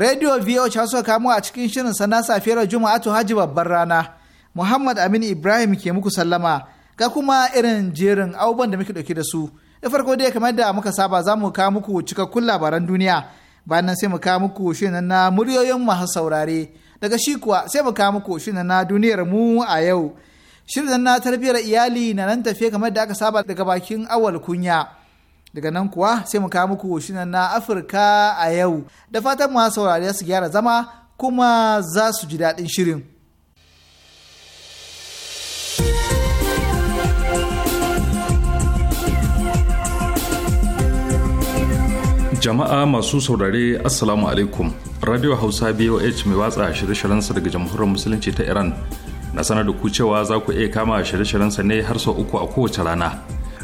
Radio VOH ta suka kamo a cikin shirin sana safiyar Juma'a to Haji babbar rana. Muhammad Amin Ibrahim ke muku sallama ga kuma irin jerin abubuwan da muke dauke da su. Da farko dai kamar da muka saba za mu kawo muku cikakkun labaran duniya. Bayan nan sai mu kawo muku shirin na muryoyin masu saurare. Daga shi kuwa sai mu kawo muku shirin na duniyar mu a yau. Shirin na tarbiyyar iyali na nan tafiye kamar da aka saba daga bakin awal kunya. daga nan kuwa sai mu kawo muku shirin na afirka a yau da fatan masu saurari su gyara zama kuma za su ji daɗin shirin jama'a masu saurare assalamu alaikum radio hausa boh mai watsa shirye-shiryensa daga jamhuriyar musulunci ta iran na sanar da ku cewa za ku iya kama shirye sa ne har sau uku a kowace rana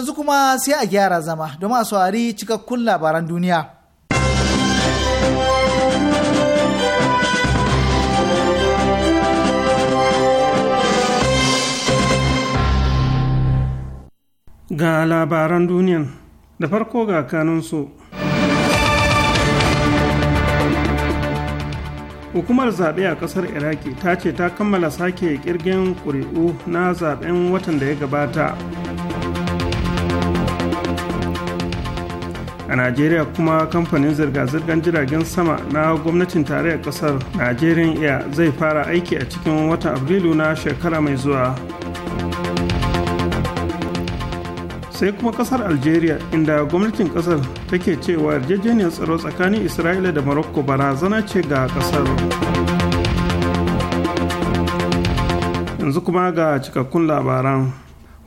yanzu kuma sai a gyara zama domin masu wari cikakkun labaran duniya. Ga labaran duniyan da farko ga kanunsu. hukumar zaɓe a ƙasar iraki ta ce ta kammala sake ƙirgin ƙuri'u na zaɓen watan da ya gabata a najeriya kuma kamfanin zirga-zirgar jiragen sama na gwamnatin tarayyar kasar nigerian air zai fara aiki a cikin watan afrilu na shekara mai zuwa sai kuma kasar algeria inda gwamnatin kasar take cewa yarjejeniyar tsaro tsakanin isra'ila da morocco barazana ce ga kasar yanzu kuma ga cikakkun labaran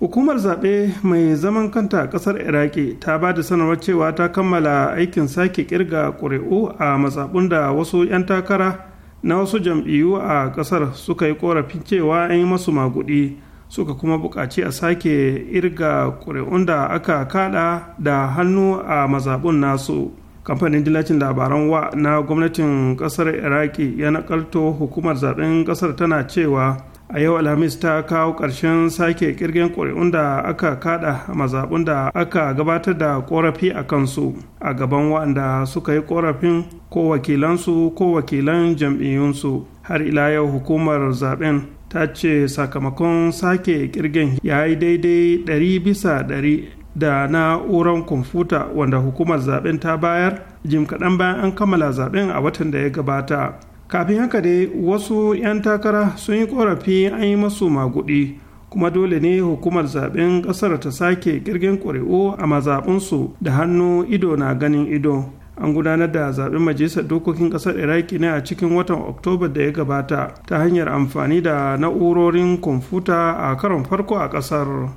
hukumar zaɓe mai zaman kanta a ƙasar iraki ta ba da sanarwar cewa ta kammala aikin sake kirga ƙuri'u a matsaɓun da wasu 'yan takara na wasu jam'iyyu a ƙasar suka yi ƙorafin cewa an yi masu maguɗi suka kuma buƙaci a sake irga ƙuri'un da aka kaɗa da hannu a mazaɓun nasu kamfanin dillacin labaran wa na gwamnatin ƙasar iraki ya naƙalto hukumar zaɓen ƙasar tana cewa a yau alhamis ta kawo ƙarshen sake kirgin ƙuri'un da aka kada a mazaɓun da aka gabatar da ƙorafi a kansu a gaban waɗanda suka yi ƙorafin ko wakilansu ko wakilan jam'iyyunsu har ila yau hukumar zaben ta ce sakamakon sake kirgin ya yi daidai ɗari bisa ɗari da na'urar kwamfuta wanda hukumar zaben ta bayar jim kaɗan bayan an kammala zaben a watan da ya gabata kafin haka dai wasu 'yan takara sun yi korafi an yi masu magudi kuma dole ne hukumar zaben kasar ta sake girgin ƙuri'u a mazaɓinsu da hannu ido na ganin ido an gudanar da zaben majalisar dokokin ƙasar iraki ne a cikin watan oktoba da ya gabata ta hanyar amfani da na'urorin kwamfuta a karon farko a ƙasar.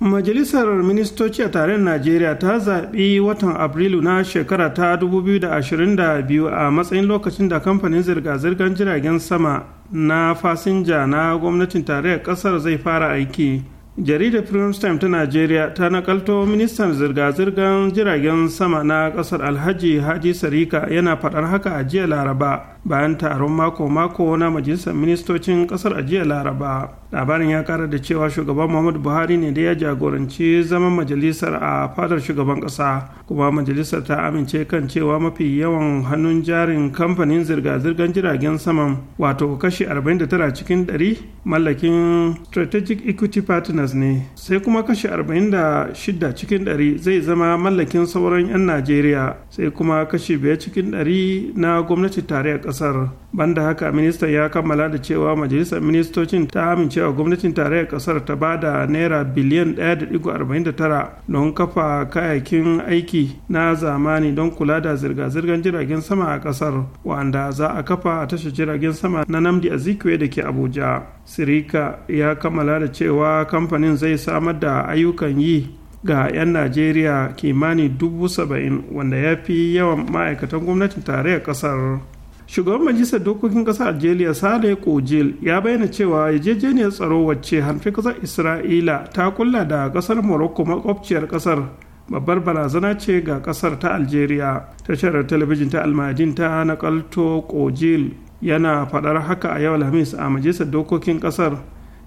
Majalisar Ministoci a tarayyar Najeriya ta zaɓi watan Afrilu na shekara ta 2022 a matsayin lokacin da kamfanin zirga-zirgar jiragen sama na fasinja na gwamnatin tarayyar ƙasar zai fara aiki. Jaridar Prince Time ta Najeriya ta nakalto ministan zirga-zirgar jiragen sama na ƙasar Alhaji Haji Sarika yana faɗar haka a jiya Laraba. bayan taron mako-mako na majalisar ministocin kasar a laraba labarin ya kara da cewa shugaban muhammadu buhari ne da ya jagoranci zaman majalisar a fadar shugaban kasa kuma majalisar ta amince kan cewa mafi yawan hannun jarin kamfanin zirga-zirgar jiragen saman wato kashi 49 cikin 100 mallakin strategic equity partners ne sai kuma kashi 46 cikin 100 zai zama mallakin sauran 'yan najeriya sai kuma kashi 5 cikin 100 na gwamnati tarayyar kasar banda haka minista ya kammala da cewa majalisar ministocin ta amincewa gwamnatin tarayyar kasar ta ba da naira biliyan 1.49 don kafa kayakin aiki na zamani don kula da zirga-zirgar jiragen sama a kasar wanda za a kafa a tashar jiragen sama na namdi azikiwe da ke abuja sirika ya kammala da cewa kamfanin zai samar da ayyukan yi ga 'yan najeriya kimanin dubu saba'in wanda ya fi yawan ma'aikatan gwamnatin tarayyar kasar shugaban majalisar dokokin ƙasar algeria sale kojil ya bayyana cewa yarjejeniyar tsaro wacce hanfi kasar isra'ila ta kulla da kasar morocco makwabciyar kasar babbar barazana ce ga kasar ta algeria tashar talabijin ta almadin ta nakalto kojil yana fadar haka a yau alhamis a majalisar dokokin kasar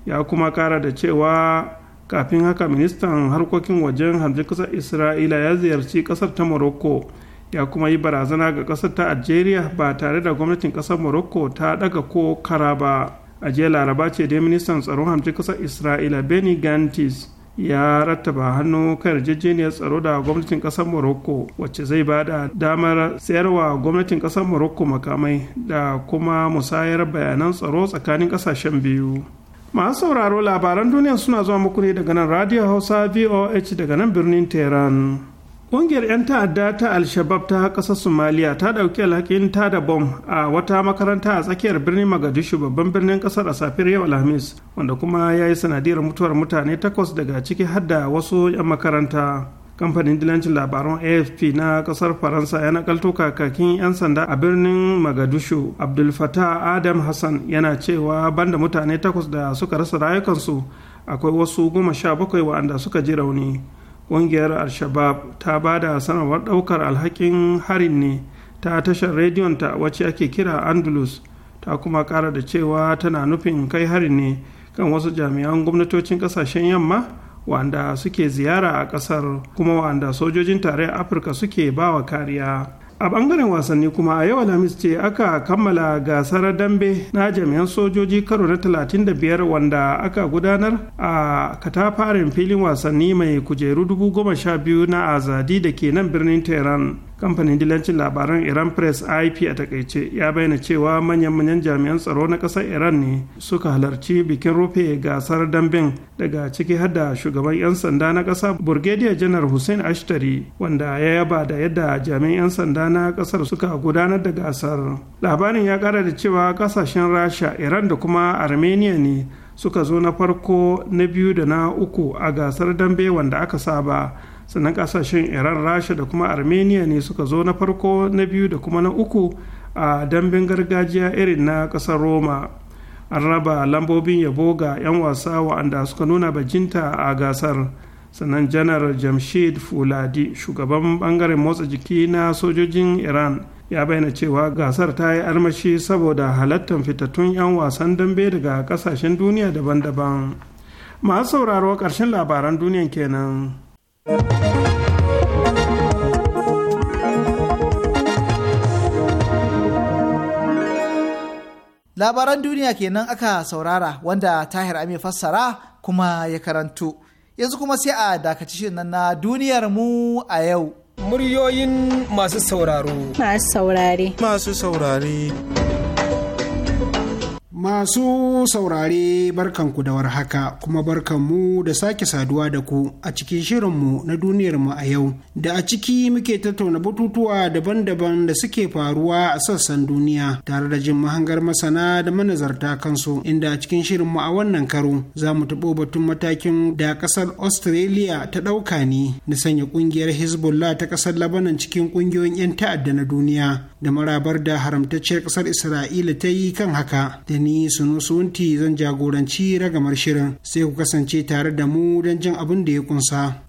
ya kuma kara da cewa kafin haka ministan harkokin wajen hanfi kasar isra'ila ya ziyarci kasar ta morocco ya kuma yi barazana ga ƙasar ta algeria ba tare da gwamnatin ƙasar morocco ta ɗaga ko kara ba a jiya laraba ce dai ministan tsaron hamci ƙasar isra'ila benny gantis ya rattaba hannu kan yarjejeniyar tsaro da gwamnatin ƙasar morocco wacce zai ba da damar sayarwa gwamnatin ƙasar morocco makamai da kuma musayar bayanan tsaro tsakanin ƙasashen biyu masu sauraro labaran duniya suna zuwa muku ne daga nan radio hausa voh daga nan birnin tehran Ƙungiyar 'yan ta'adda ta Al-Shabab ta ƙasar Somalia ta ɗauki alhakin ta da bom a wata makaranta a tsakiyar birnin Magadishu babban birnin ƙasar a safiyar yau Alhamis, wanda kuma ya yi sanadiyar mutuwar mutane takwas daga ciki har da wasu 'yan makaranta. Kamfanin dilancin labaran AFP na ƙasar Faransa ya nakalto kakakin 'yan sanda a birnin Magadishu Abdul Fattah Adam Hassan yana cewa banda mutane takwas da suka rasa rayukansu akwai wasu goma sha bakwai waɗanda suka ji rauni. ƙungiyar al-shabab ta ba da sanarwar ɗaukar alhakin harin ne ta tashar rediyon ta wacce ake kira andalus ta kuma kara da cewa tana nufin kai harin ne kan wasu jami'an gwamnatocin ƙasashen yamma wanda suke ziyara a ƙasar kuma wanda sojojin tarayyar afirka suke bawa kariya a bangaren wasanni kuma a yau alhamis ce aka kammala gasar dambe na jami'an sojoji karo na 35 wanda aka gudanar a katafaren filin wasanni mai kujeru 12,000 na azadi da ke nan birnin tehran kamfanin dilancin labaran iran press ip a takaice ya bayyana cewa manyan-manyan jami'an tsaro na ƙasar iran ne suka halarci bikin rufe gasar damben daga ciki har da shugaban 'yan sanda na ƙasa burgediya janar hussein ashtari wanda ya yaba da yadda jami'an 'yan sanda na ƙasar suka gudanar da gasar labarin ya ƙara da cewa ƙasashen rasha iran da kuma armenia ne suka zo na farko na biyu da na uku a gasar dambe wanda aka saba sannan kasashen iran rasha da kuma armenia ne suka zo na farko na biyu da kuma na uku a dambin gargajiya irin na kasar roma an raba lambobin yabo ga 'yan wasa wa'anda suka nuna bajinta a gasar sannan janar jamshid fuladi shugaban bangaren motsa jiki na sojojin iran ya bayyana cewa gasar ta yi armashi saboda halattar fitattun 'yan wasan dambe daga kasashen duniya daban-daban masu sauraro karshen labaran duniya kenan. Labaran duniya kenan aka saurara wanda Tahir Ami fassara kuma ya karanto. Yanzu kuma sai a dakaci shirin na duniyar mu a yau. Muryoyin masu sauraro. Masu saurare. Masu saurare. Masu saurare barkanku da warhaka kuma barkanmu da sake saduwa da ku a cikin shirinmu na duniyarmu a yau da a ciki muke tattauna batutuwa daban-daban da suke faruwa a sassan duniya tare da jin mahangar masana da manazarta kansu inda a cikin shirinmu a wannan karo za mu taɓo batun matakin da ƙasar Australia ta ɗauka ne na sanya ƙungiyar Hezbollah ta ƙasar Labanan cikin ƙungiyoyin 'yan ta'adda na duniya da marabar da haramtacciyar ƙasar isra'ila ta yi kan haka da ni sunusunti zan jagoranci ragamar shirin sai ku kasance tare da mu don jin abin da ya kunsa.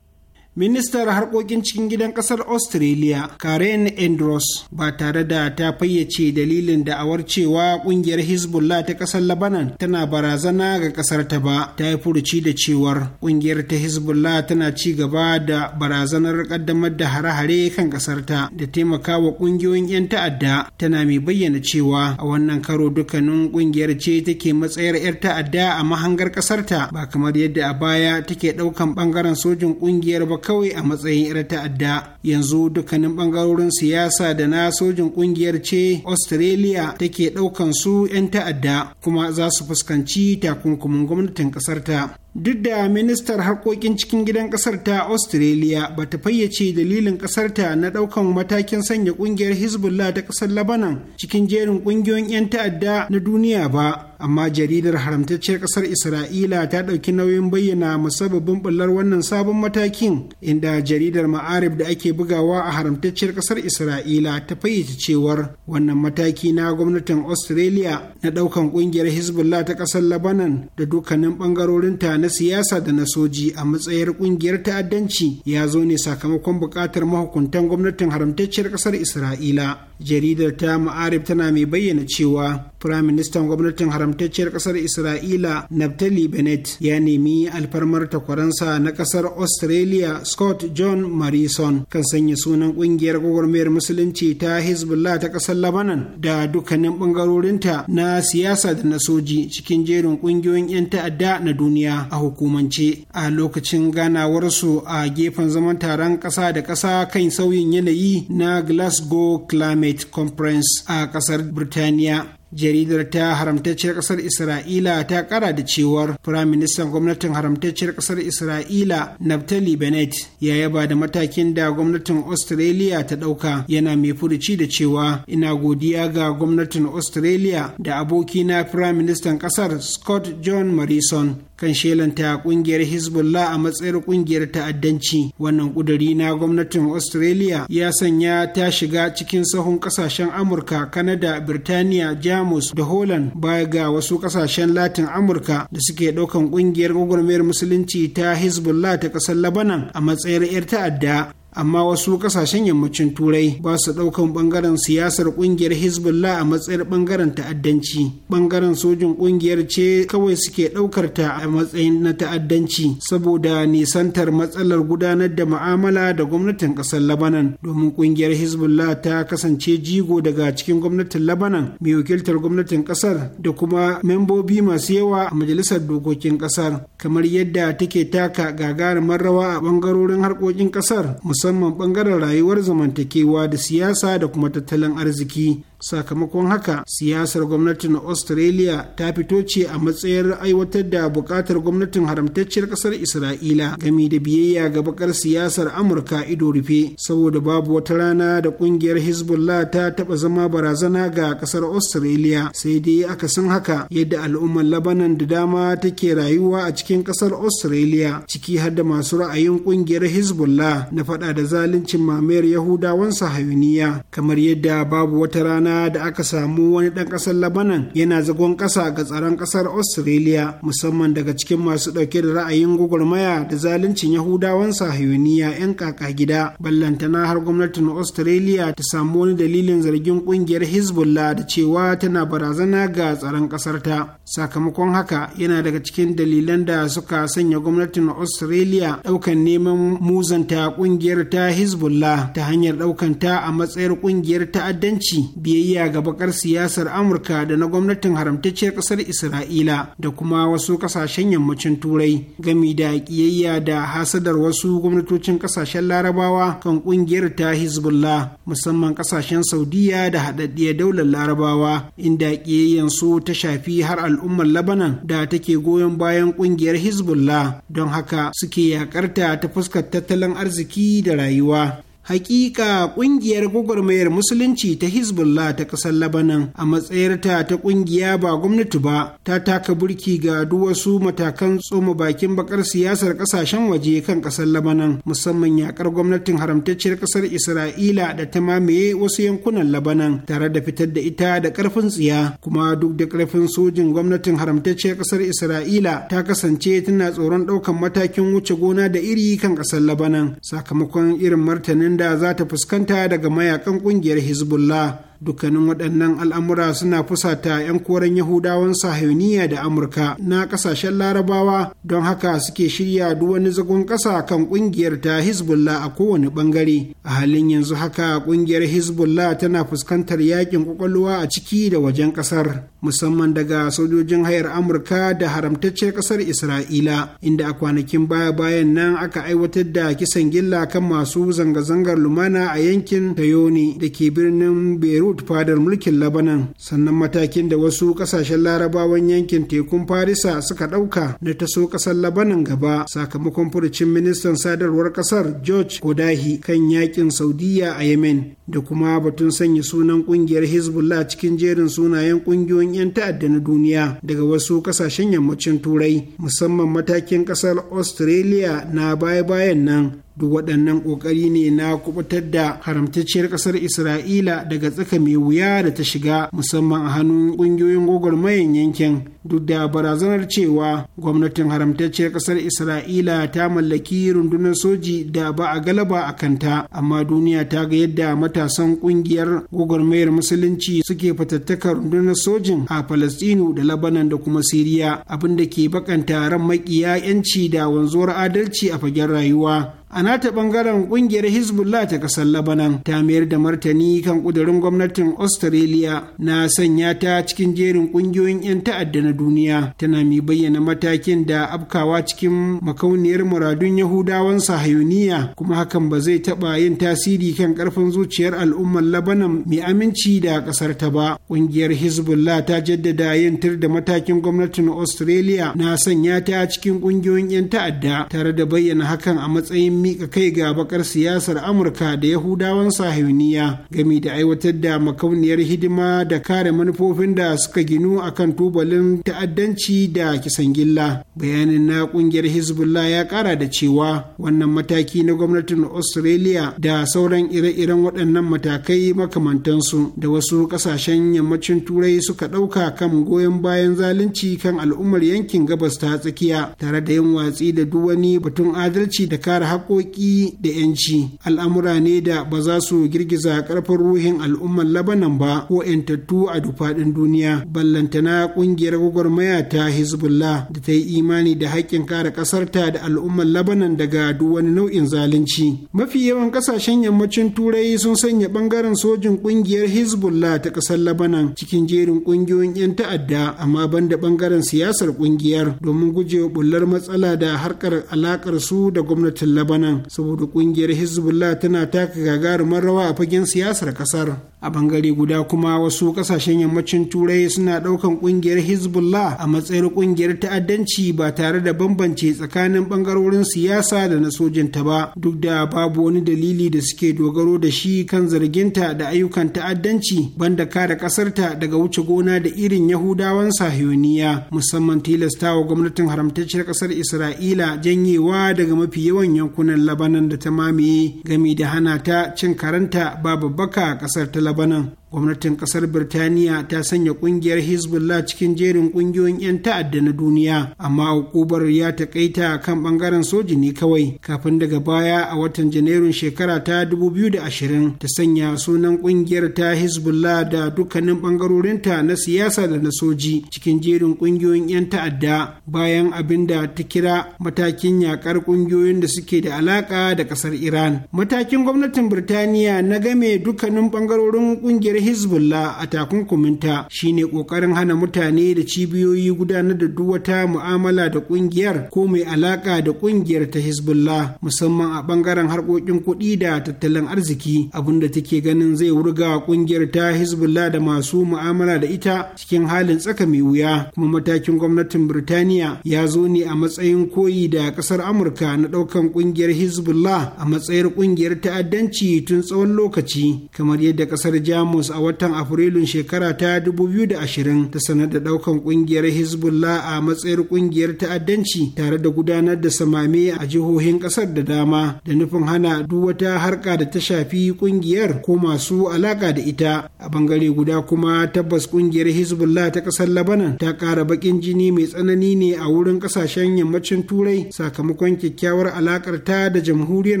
ministar harkokin cikin gidan kasar australia karen andros ba tare da ta fayyace dalilin da'awar cewa kungiyar hezbollah ta kasar labanan tana barazana ga kasar ta ba ta yi furuci da cewar kungiyar ta hezbollah tana ci gaba da barazanar kaddamar da hare-hare kan kasar ta da taimaka wa kungiyoyin 'yan ta'adda tana mai bayyana cewa a wannan karo dukkanin kungiyar ce take matsayar 'yar ta'adda a mahangar kasar ta ba kamar yadda a baya take ɗaukan ɓangaren sojin kungiyar ba kawai a matsayin 'yar ta'adda yanzu dukkanin bangarorin siyasa da na sojin kungiyar ce australia take ɗaukan su 'yan ta'adda kuma za su fuskanci takunkumin gwamnatin ƙasarta. ta duk da ministar harkokin cikin gidan kasar ta australia ba ta fayyace dalilin kasar ta na daukan matakin sanya kungiyar hezbollah ta kasar labanan cikin jerin kungiyoyin 'yan ta'adda na duniya ba amma jaridar haramtacciyar ƙasar isra'ila ta ɗauki nauyin bayyana musabbabin ɓullar wannan sabon matakin inda jaridar ma'arib da ake bugawa a haramtacciyar ƙasar isra'ila ta fayyace cewar wannan mataki na gwamnatin australia na ɗaukan ƙungiyar hezbollah ta ƙasar labanan da dukkanin ɓangarorinta na siyasa da na soji a matsayar ƙungiyar ta'addanci ya zo ne sakamakon buƙatar mahukuntan gwamnatin haramtacciyar ƙasar isra'ila jaridar ta ma'arib tana mai bayyana cewa Firaministan gwamnatin haramtacciyar ƙasar Isra'ila Naftali Bennett ya nemi alfarmar takwaransa na ƙasar Australia Scott John Marison, kan sanya sunan ƙungiyar gwagwarmayar musulunci ta Hezbollah ta ƙasar Lebanon da dukkanin ɓangarorinta na siyasa da na soji cikin jerin ƙungiyoyin 'yan ta'adda na duniya a hukumance a lokacin ganawarsu a gefen zaman taron ƙasa da ƙasa kan sauyin yanayi na Glasgow Climate Conference a ƙasar Birtaniya. jaridar ta haramtacciyar ƙasar isra'ila ta ƙara da cewar firaministan gwamnatin haramtacciyar kasar isra'ila naftali Benet, ya yaba da matakin da gwamnatin australia ta ɗauka, yana mai furuci da cewa ina godiya ga gwamnatin australia da abokina firaministan ƙasar, scott john morrison kan shelanta kungiyar hezbollah a matsayin kungiyar ta'addanci wannan kuduri na gwamnatin australia ya sanya ta shiga cikin sahun kasashen amurka kanada birtaniya jamus da holland baya ga wasu kasashen latin amurka da suke daukan kungiyar gwagwarmayar musulunci ta hezbollah ta ƙasar labanan a matsayin 'yar ta'adda amma wasu kasashen yammacin turai ba su daukan bangaren siyasar kungiyar hezbollah a matsayin bangaren ta'addanci bangaren sojin kungiyar ce kawai suke daukar ta a matsayin na ta'addanci saboda nisantar matsalar gudanar da ma'amala da gwamnatin kasar labanan domin kungiyar hezbollah ta kasance jigo daga cikin gwamnatin labanan mai wakiltar gwamnatin kasar da kuma membobi masu yawa a majalisar dokokin kasar kamar yadda take taka gagarumar rawa a bangarorin harkokin kasar musamman bangaren rayuwar zamantakewa da siyasa da kuma tattalin arziki sakamakon haka siyasar gwamnatin australia ta fito ce a matsayar aiwatar da bukatar gwamnatin haramtacciyar kasar isra'ila gami da biyayya ga bakar siyasar amurka ido rufe saboda babu wata rana da kungiyar hezbollah ta taba zama barazana ga kasar australia sai dai aka san haka yadda al'ummar labanan da dama take rayuwa a cikin kasar australia ciki har da masu ra'ayin kungiyar hezbollah na fada da zaluncin mamayar yahudawan sahayuniya kamar yadda babu wata rana rana da aka samu wani ɗan ƙasar labanan yana zagon ƙasa ga tsaron ƙasar australia musamman daga cikin masu ɗauke da ra'ayin gwagwarmaya da zaluncin yahudawan sahiyoniya 'yan kaka gida ballantana har gwamnatin australia ta samu wani dalilin zargin ƙungiyar hezbollah da cewa tana barazana ga tsaron ƙasar ta sakamakon haka yana daga cikin dalilan da suka sanya gwamnatin australia ɗaukan neman muzanta ƙungiyar ta hezbollah ta hanyar ɗaukan ta a matsayar ƙungiyar ta'addanci biye biyayya ga bakar siyasar amurka da na gwamnatin haramtacciyar ƙasar isra'ila da kuma wasu ƙasashen yammacin turai gami da ƙiyayya da hasadar wasu gwamnatocin ƙasashen larabawa kan ƙungiyar ta hezbollah musamman ƙasashen saudiya da haɗaɗɗiyar daular larabawa inda ƙiyayyan su ta shafi har al'ummar labanan da take goyon bayan ƙungiyar hezbollah don haka suke yaƙarta ta fuskar tattalin arziki da rayuwa hakika kungiyar gwagwarmayar musulunci ta hezbollah ta kasar labanan a matsayarta ta kungiya ba gwamnati ba ta taka burki ga wasu matakan tsoma bakin bakar siyasar ƙasashen waje kan kasar labanan musamman yakar gwamnatin haramtacciyar ƙasar isra'ila da ta mamaye wasu yankunan labanan tare da fitar da ita da ƙarfin tsiya kuma duk da ƙarfin sojin gwamnatin haramtacciyar ƙasar isra'ila ta kasance tana tsoron ɗaukan matakin wuce gona da iri kan kasar labanan sakamakon irin martanin da za ta fuskanta daga mayakan kungiyar hezbollah dukkanin waɗannan al'amura suna fusata 'yan koren yahudawan sahiyoniya da amurka na ƙasashen larabawa don haka suke shirya duk wani zagon ƙasa kan ƙungiyar ta hezbollah a kowane ɓangare a halin yanzu haka ƙungiyar hezbollah tana fuskantar yakin ƙwaƙwalwa a ciki da wajen ƙasar musamman daga sojojin hayar amurka da haramtacciyar ƙasar isra'ila inda a kwanakin baya bayan nan aka aiwatar da kisan gilla kan masu zanga-zangar lumana a yankin tayoni da ke birnin beirut beirut fadar mulkin labanan sannan matakin da wasu kasashen larabawan yankin tekun farisa suka ɗauka na taso ƙasar labanan gaba sakamakon furucin ministan sadarwar ƙasar george kodahi kan yakin saudiya a yemen da kuma batun sanya sunan kungiyar hezbollah cikin jerin sunayen kungiyoyin 'yan ta'adda na duniya daga wasu kasashen yammacin turai musamman matakin kasar australia na baya-bayan nan duk waɗannan ƙoƙari ne na kubutar da haramtacciyar ƙasar isra'ila daga tsaka mai wuya da ta shiga musamman a hannun ƙungiyoyin gwagwarmayan yankin duk da barazanar cewa gwamnatin haramtacciyar ƙasar isra'ila ta mallaki rundunar soji da ba a galaba a kanta amma duniya ta ga yadda matasan ƙungiyar gwagwarmayar musulunci suke fatattaka rundunar sojin a falastinu da labanan da kuma siriya abin da ke bakanta ran makiya 'yanci da wanzuwar adalci a fagen rayuwa a nata bangaren kungiyar hezbollah ta kasar labanan ta mayar da martani kan kudurin gwamnatin australia na sanya ta cikin jerin kungiyoyin 'yan ta'adda na duniya tana mai bayyana matakin da afkawa cikin makauniyar muradun yahudawan sahayuniya kuma hakan ba zai taɓa yin tasiri kan karfin zuciyar al'ummar labanan mai aminci da kasar ta ba kungiyar hezbollah ta jaddada yin tir da matakin gwamnatin australia na sanya ta cikin kungiyoyin 'yan ta'adda tare da bayyana hakan a matsayin mika kai ga bakar siyasar amurka da yahudawan sahiyuniya gami da aiwatar da makauniyar hidima da kare manufofin da suka ginu a kan tubalin ta'addanci da kisan gilla bayanin na kungiyar hezbollah ya kara da cewa wannan mataki na gwamnatin australia da sauran ire-iren waɗannan matakai makamantansu da wasu ƙasashen yammacin turai suka ɗauka kan goyon bayan zalunci kan al'ummar yankin gabas ta tsakiya tare da yin watsi da duk wani batun adalci da kare haƙƙo haƙoƙi da 'yanci al'amura ne da ba za su girgiza ƙarfin ruhin al'ummar labanan ba ko 'yantattu a dufaɗin duniya ballantana ƙungiyar gwagwarmaya ta hezbollah da ta yi imani da haƙƙin kare ƙasarta da al'ummar labanan daga duk wani nau'in zalunci mafi yawan ƙasashen yammacin turai sun sanya ɓangaren sojin ƙungiyar hezbollah ta ƙasar labanan cikin jerin ƙungiyoyin 'yan ta'adda amma banda ɓangaren siyasar ƙungiyar domin gujewa bullar matsala da harkar alaƙar su da gwamnatin labanan nan saboda kungiyar hezbollah tana taka gagarumar rawa a fagen siyasar kasar a bangare guda kuma wasu kasashen yammacin turai suna daukan kungiyar hezbollah a matsayin kungiyar ta'addanci ba tare da bambance tsakanin bangarorin siyasa da na sojinta ba duk da babu wani dalili da suke dogaro da shi kan zarginta da ayyukan ta'addanci banda kare kasarta daga wuce gona da irin yahudawan sahiyoniya musamman tilastawa gwamnatin haramtacciyar kasar isra'ila janyewa daga mafi yawan yankunan birnin labanan da ta mamaye gami da hana ta cin karanta babu baka a ƙasar ta labanan gwamnatin kasar birtaniya ta sanya kungiyar hezbollah cikin jerin kungiyoyin 'yan ta'adda na duniya amma hukubar ya takaita kan bangaren soji ne kawai kafin daga baya a watan janairun shekara ta 2020 ta sanya sunan kungiyar ta hezbollah da dukkanin bangarorinta na siyasa da na soji cikin jerin kungiyoyin 'yan ta'adda bayan abin da ta kira matakin yakar kungiyoyin da suke da alaka da kasar iran matakin gwamnatin birtaniya na game dukkanin bangarorin kungiyar hezbollah a takunkuminta shine kokarin hana mutane da cibiyoyi gudanar da duk wata mu'amala da kungiyar ko mai alaka da kungiyar ta hezbollah musamman a bangaren harkokin kuɗi da tattalin arziki abinda take ganin zai wurga kungiyar ta hezbollah da masu mu'amala da ita cikin halin tsaka mai wuya kuma matakin gwamnatin birtaniya ya zo ne a matsayin koyi da kasar amurka na ɗaukan kungiyar hezbollah a matsayar kungiyar ta'addanci tun tsawon lokaci kamar yadda kasar jamus a watan afrilun shekara ta 2020 ta sanar da daukan kungiyar hezbollah a matsayar kungiyar ta'addanci tare da gudanar da samame a jihohin kasar da dama da nufin hana duk wata harka da ta shafi kungiyar ko masu alaka da ita a bangare guda kuma tabbas kungiyar hezbollah ta kasar labanan ta kara bakin jini mai tsanani ne a wurin kasashen yammacin turai sakamakon kyakkyawar alakar ta da jamhuriyar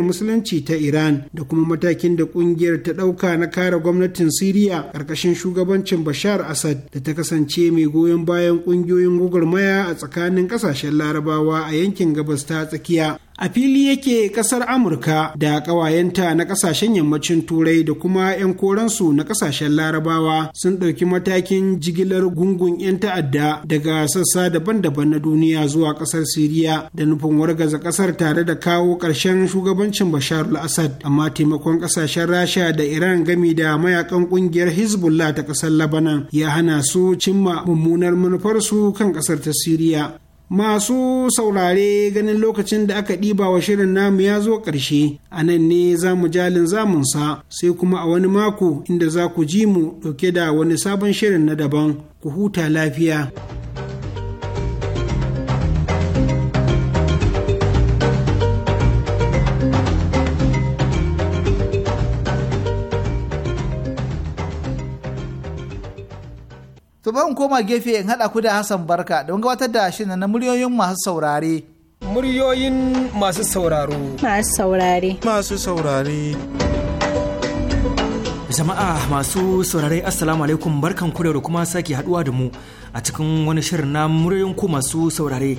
musulunci ta iran da kuma matakin da kungiyar ta dauka na kare gwamnatin siriya Libya ƙarƙashin shugabancin Bashar Assad da ta kasance mai goyon bayan ƙungiyoyin gwagwarmaya a tsakanin ƙasashen Larabawa a yankin gabas ta tsakiya. a fili yake kasar amurka da ƙawayenta na ƙasashen yammacin turai da kuma 'yan koransu na ƙasashen larabawa sun ɗauki matakin jigilar gungun 'yan ta'adda daga sassa daban-daban na duniya zuwa ƙasar siriya da nufin wargaza ƙasar tare da kawo ƙarshen shugabancin bashar al-assad amma taimakon ƙasashen rasha da iran gami da mayakan ƙungiyar hezbollah ta ƙasar labanan ya hana su cimma mummunar manufarsu kan ƙasar ta siriya Masu saurare ganin lokacin da aka ɗiba wa shirin namu ya zo ƙarshe, a nan ne za mu jalin zamunsa sai kuma a wani mako inda za ku ji mu ɗauke da wani sabon shirin na daban, ku huta lafiya. To bari in koma gefe in haɗa ku da Hassan Barka don gabatar da shirin na muryoyin masu saurare. Muryoyin masu sauraro. Masu saurare. Masu saurare. Jama'a masu saurare Assalamu alaikum barkan kure da kuma sake haɗuwa da mu a cikin wani shirin na muryoyin ku masu saurare.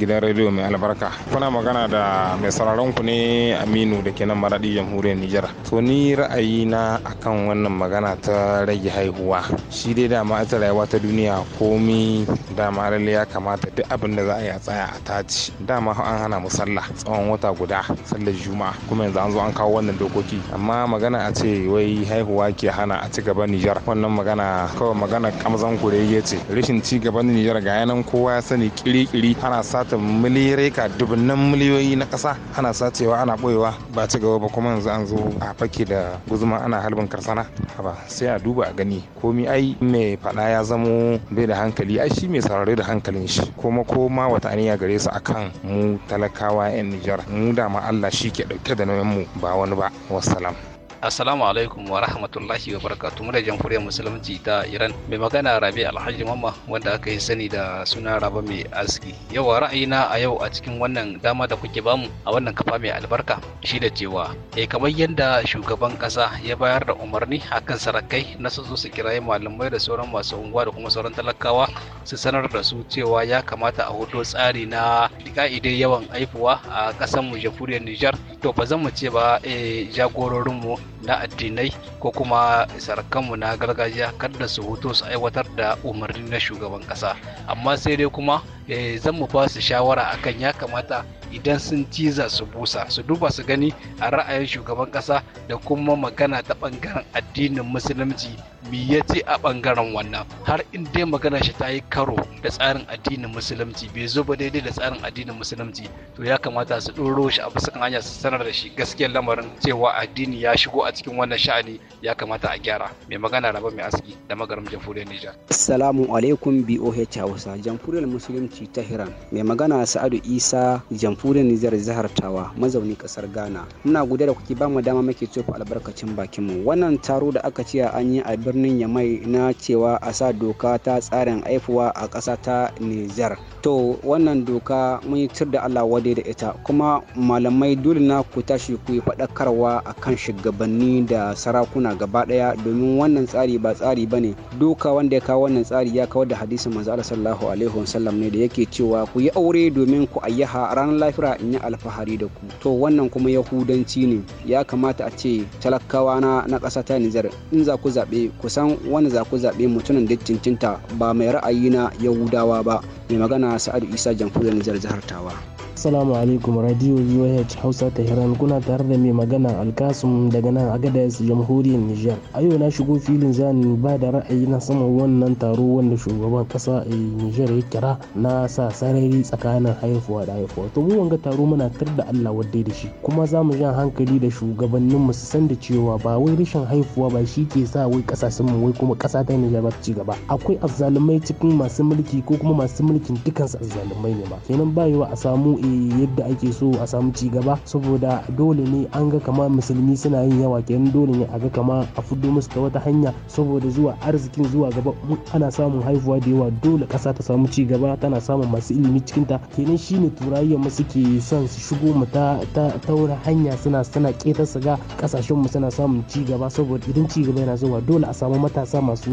gidan rediyo mai albarka kuna magana da mai sauraron ku ne aminu da ke nan maradi jamhuriyar nijar to ni ra'ayi na akan wannan magana ta rage haihuwa shi dai dama ita rayuwa ta duniya komi dama lalle ya kamata duk abin da za a yi a tsaya a taci dama an hana mu sallah tsawon wata guda sallar juma'a kuma yanzu an zo an kawo wannan dokoki amma magana a ce wai haihuwa ke hana a ci gaban nijar wannan magana kawai magana kamzan kurege ce rashin ci gaban nijar ga yanan kowa ya sani kiri-kiri ana sata satan miliyoyi ka dubunnan miliyoyi na ƙasa ana sacewa ana ɓoyewa ba ci gaba ba kuma yanzu an zo a fake da guzuma ana halbin karsana ba sai a duba a gani komi ai mai faɗa ya zamo bai da hankali ai shi mai saurare da hankalin shi kuma ko ma wata aniya gare su akan mu talakawa 'yan Nijar mu da ma Allah shi ke ɗauke da nauyin mu ba wani ba wassalam Assalamu alaikum wa rahmatullahi wa barakatuh mu da jamhuriyar musulunci ta Iran mai magana Rabi Alhaji Mamma wanda aka yi sani da suna Raba mai aski yawa ra'ayina a yau a cikin wannan dama da kuke bamu a wannan kafa mai albarka shi da cewa eh kamar yadda shugaban kasa ya bayar da umarni akan sarakai na su zo su kirayi malamai da sauran masu unguwa da kuma sauran talakawa su sanar da su cewa ya kamata a hoto tsari na ka'idai yawan aifuwa a ƙasar mu jamhuriyar Nijar to ba zan mu ce ba eh, jagororinmu na addinai ko kuma sarakanmu na gargajiya kada su hutu su aiwatar da umarni na shugaban ƙasa amma sai dai kuma Eh, zan mu ba su shawara akan ya kamata idan sun ciza su busa su duba su gani a ra'ayin shugaban kasa da kuma magana ta bangaren addinin musulunci mi ya ce a bangaren wannan har in dai magana shi ta yi karo da tsarin addinin musulunci bai zo ba daidai da tsarin addinin musulunci to ya kamata su ɗoro shi a bisa hanya su sanar da shi gaskiyar lamarin cewa addini ya shigo a cikin wannan sha'ani ya kamata a gyara mai magana raba mai aski da magarin jamhuriyar Nijar. Assalamu alaikum BOH Hausa jamhuriyar musulunci musulunci tehran mai magana sa'adu isa jamhuriyar nijar jihar tawa mazauni kasar ghana muna gode da kuke bamu dama muke tofa albarkacin bakin mu wannan taro da aka ce an yi a birnin yamai na cewa a sa doka ta tsarin aifuwa a ƙasa ta nijar to wannan doka mun tur da allah wadai da ita kuma malamai dole na ku tashi ku yi faɗakarwa akan shugabanni da sarakuna gaba ɗaya domin wannan tsari ba tsari bane doka wanda ya kawo wannan tsari ya kawar da hadisin manzo sallallahu alaihi wasallam ne da ya yake cewa ku yi aure domin ku ayyaha ranar lafira in yi alfahari da ku to wannan kuma yahudanci ne ya kamata a ce talakawa na na ƙasa ta Nijar in za ku zaɓe ku san wani za ku zaɓe mutumin da cincinta ba mai ra'ayi na Yahudawa ba mai magana Sa'adu Isa Jamhuriyar nizar jihar Tawa. Assalamu alaikum Radio UH Hausa Tehran kuna tare da mai magana Alkasum daga nan Agadez Jamhuriyar Nijar. A yau na shigo filin zan ba da ra'ayi na sama wannan taro wanda shugaban kasa a eh, Nijar ya kira na sa sarari tsakanin haifuwa da haifuwa. To mu wanga taro muna tar da Allah wadda da shi kuma za mu jan hankali da shugabannin mu su san da cewa ba wai rashin haifuwa ba shi ke sa wai kasashen mu wai kuma kasa ta Nijar ba ta ci gaba. Akwai azzalumai cikin masu mulki ko kuma masu mulkin dukansu azzalumai ne ma. Kenan ba a samu eh, yadda ake so a samu ci gaba saboda dole ne an ga kama musulmi suna yin yawa kenan dole ne a ga kama a fuddo musu ta wata hanya saboda zuwa arzikin zuwa gaba ana samun haihuwa da yawa dole kasa ta samu ci gaba tana samun masu ilimi cikin ta kenan shine turayya mu suke son su shigo mu ta ta wani hanya suna suna ƙetar su ga kasashen mu suna samun ci gaba saboda idan ci gaba yana zuwa dole a samu matasa masu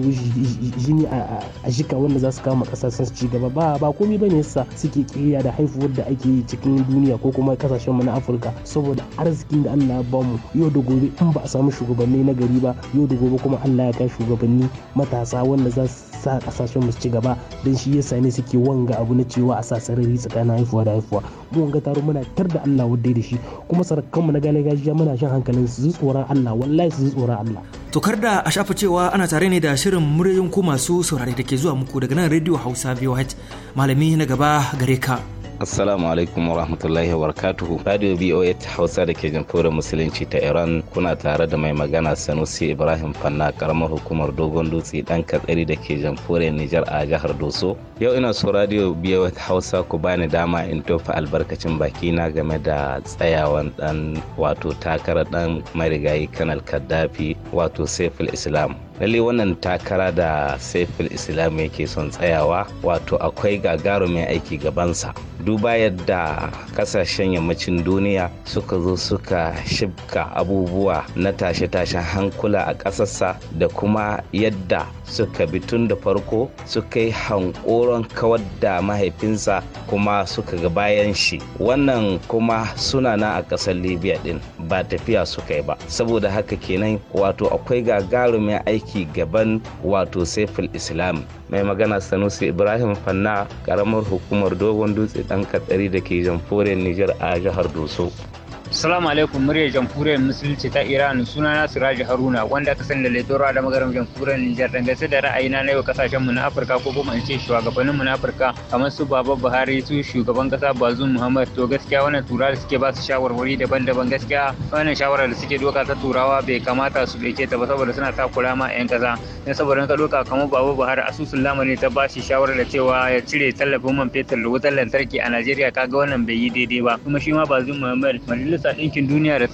jini a shika wanda za su kama kasashen su ci gaba ba ba komai bane yasa suke kiyaye da haifuwar da ake yi cikin duniya ko kuma kasashen mu na afirka saboda arzikin da allah ya mu yau da gobe in ba a samu shugabanni na gari ba yau da gobe kuma allah ya kai shugabanni matasa wanda za su sa kasashen mu ci gaba don shi yasa ne suke wanga abu na cewa a sa sarari tsakanin haifuwa da haifuwa mu wanga taro muna tar da Allah wadda da shi kuma sarakan mu na gajiya muna shan hankalin su ji tsoron Allah wallahi su ji tsoron Allah to da a shafa cewa ana tare ne da shirin muryoyin ku masu saurare da ke zuwa muku daga nan radio Hausa VOH malami na gaba gare ka Assalamu alaikum wa rahmatullahi wa barakatuhu. Radio BOA Hausa da ke jamhuriyar Musulunci ta Iran kuna tare da mai magana Sanusi Ibrahim Fanna karamar hukumar Dogon Dutse dan katsari da ke jamhuriyar Nijar a jihar Doso. Yau ina so Radio BOA Hausa ku bani dama in tofa albarkacin baki na game da tsayawan dan wato takarar dan marigayi Kanal Kaddafi wato Saiful Islam. lalle wannan takara da saifin islam yake son tsayawa wato akwai gagarumin aiki gabansa duba yadda kasashen yammacin duniya suka zo suka shibka abubuwa na tashe-tashen hankula a ƙasarsa da kuma yadda suka bi tun da farko suka yi hankoron kawar da mahaifinsa kuma suka ga bayan shi wannan kuma suna na a ƙasar libya din ba tafiya suka yi ba saboda haka kenan wato akwai gagarumin aiki aiki gaban wato saiful islam mai magana sanusi ibrahim fanna karamar hukumar dogon dutse dan katsari da ke jamforin niger a jihar doso Salamu alaikum muryar jamhuriyar musulunci ta Iran suna na Siraji Haruna wanda aka sani da Letora da magarin jamhuriyar Nijar gaske da ra'ayina na yau kasashen mu na Afirka ko kuma in ce shugabannin mu na Afirka kamar su Baba Buhari su shugaban kasa Bazoum Muhammad to gaskiya wannan tura da suke ba su shawarwari daban-daban gaskiya wannan shawara da suke doka ta turawa bai kamata su ɗauke ta ba saboda suna takura ma 'yan kaza ne saboda ka doka kamar Baba Buhari asusun lamani ta ba shi shawarar da cewa ya cire tallafin man fetur da wutar lantarki a Najeriya kaga wannan bai yi daidai ba kuma shi ma Bazoum Muhammad majalisar ɗinkin duniya da